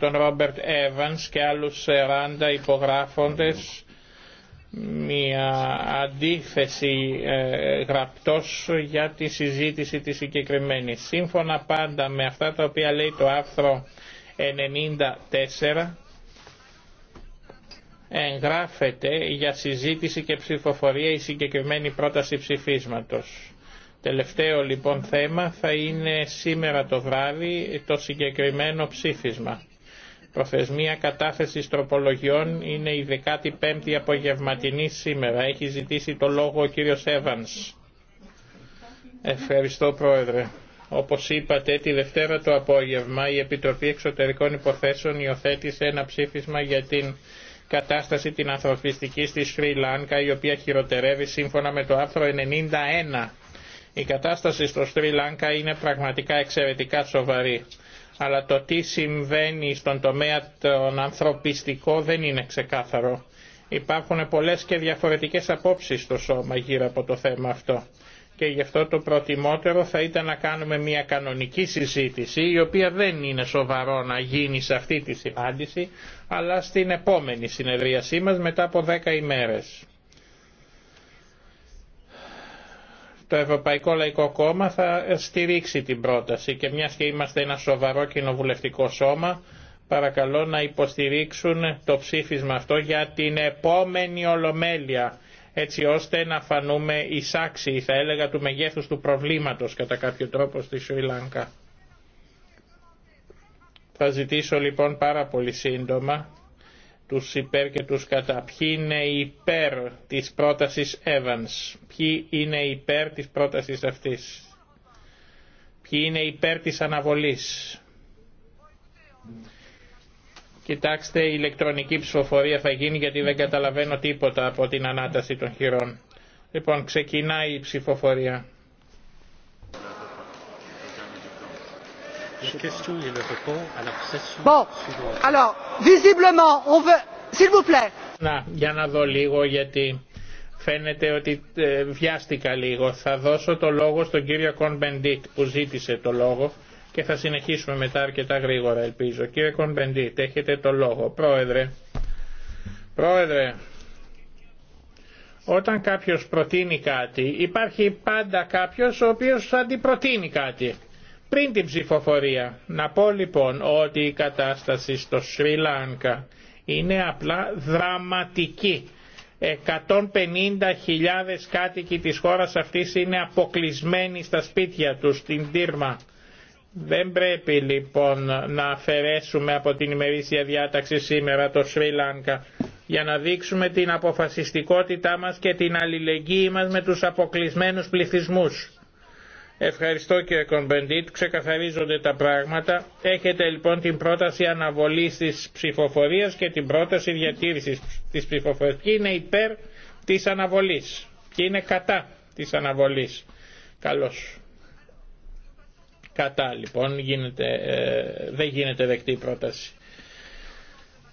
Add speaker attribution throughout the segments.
Speaker 1: τον Ρόμπερτ Εύανς και άλλους 40 υπογράφοντες μια αντίθεση ε, γραπτός για τη συζήτηση της συγκεκριμένη. Σύμφωνα πάντα με αυτά τα οποία λέει το άρθρο 94 εγγράφεται για συζήτηση και ψηφοφορία η συγκεκριμένη πρόταση ψηφίσματος. Τελευταίο λοιπόν θέμα θα είναι σήμερα το βράδυ το συγκεκριμένο ψήφισμα. Προθεσμία κατάθεσης τροπολογιών είναι η 15η απογευματινή σήμερα. Έχει ζητήσει το λόγο ο κύριος Εύανς. Ευχαριστώ Πρόεδρε. Όπως είπατε, τη Δευτέρα το απόγευμα η Επιτροπή Εξωτερικών Υποθέσεων υιοθέτησε ένα ψήφισμα για την κατάσταση την ανθρωπιστική στη Σρι Λάνκα, η οποία χειροτερεύει σύμφωνα με το άρθρο 91 η κατάσταση στο Σρι είναι πραγματικά εξαιρετικά σοβαρή. Αλλά το τι συμβαίνει στον τομέα τον ανθρωπιστικό δεν είναι ξεκάθαρο. Υπάρχουν πολλές και διαφορετικές απόψεις στο σώμα γύρω από το θέμα αυτό. Και γι' αυτό το προτιμότερο θα ήταν να κάνουμε μια κανονική συζήτηση, η οποία δεν είναι σοβαρό να γίνει σε αυτή τη συνάντηση, αλλά στην επόμενη συνεδρίασή μας μετά από δέκα ημέρες. Το Ευρωπαϊκό Λαϊκό Κόμμα θα στηρίξει την πρόταση και μια και είμαστε ένα σοβαρό κοινοβουλευτικό σώμα, παρακαλώ να υποστηρίξουν το ψήφισμα αυτό για την επόμενη ολομέλεια έτσι ώστε να φανούμε εισάξιοι, θα έλεγα, του μεγέθους του προβλήματος κατά κάποιο τρόπο στη Σουηλάνκα. Θα ζητήσω λοιπόν πάρα πολύ σύντομα τους υπέρ και τους κατά. Ποιοι είναι υπέρ της πρότασης Evans. Ποιοι είναι υπέρ της πρότασης αυτής. Ποιοι είναι υπέρ της αναβολής. Κοιτάξτε, η ηλεκτρονική ψηφοφορία θα γίνει γιατί δεν καταλαβαίνω τίποτα από την ανάταση των χειρών. Λοιπόν, ξεκινάει η ψηφοφορία. Να, για να δω λίγο γιατί φαίνεται ότι ε, βιάστηκα λίγο. Θα δώσω το λόγο στον κύριο Κονμπεντίτ που ζήτησε το λόγο και θα συνεχίσουμε μετά αρκετά γρήγορα ελπίζω. Κύριε Κονμπεντίτ, έχετε το λόγο. Πρόεδρε, πρόεδρε, όταν κάποιος προτείνει κάτι υπάρχει πάντα κάποιος ο οποίος αντιπροτείνει κάτι πριν την ψηφοφορία. Να πω λοιπόν ότι η κατάσταση στο Σρι Λάνκα είναι απλά δραματική. 150.000 κάτοικοι της χώρας αυτής είναι αποκλεισμένοι στα σπίτια τους, στην Τύρμα. Δεν πρέπει λοιπόν να αφαιρέσουμε από την ημερήσια διάταξη σήμερα το Σρι για να δείξουμε την αποφασιστικότητά μας και την αλληλεγγύη μας με τους αποκλεισμένους πληθυσμούς. Ευχαριστώ κύριε Κονπεντήτ, ξεκαθαρίζονται τα πράγματα. Έχετε λοιπόν την πρόταση αναβολής της ψηφοφορίας και την πρόταση διατήρησης της ψηφοφορίας. Ποιοι είναι υπέρ της αναβολής, και είναι κατά της αναβολής. Καλώς. Κατά λοιπόν γίνεται, ε, δεν γίνεται δεκτή η πρόταση.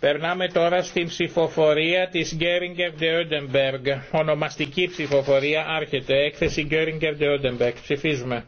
Speaker 1: Περνάμε τώρα στην ψηφοφορία της Γκέριγκερ Ντεόντεμπεργκ. Ονομαστική ψηφοφορία άρχεται. Έκθεση Γκέριγκερ Ντεόντεμπεργκ. Ψηφίζουμε.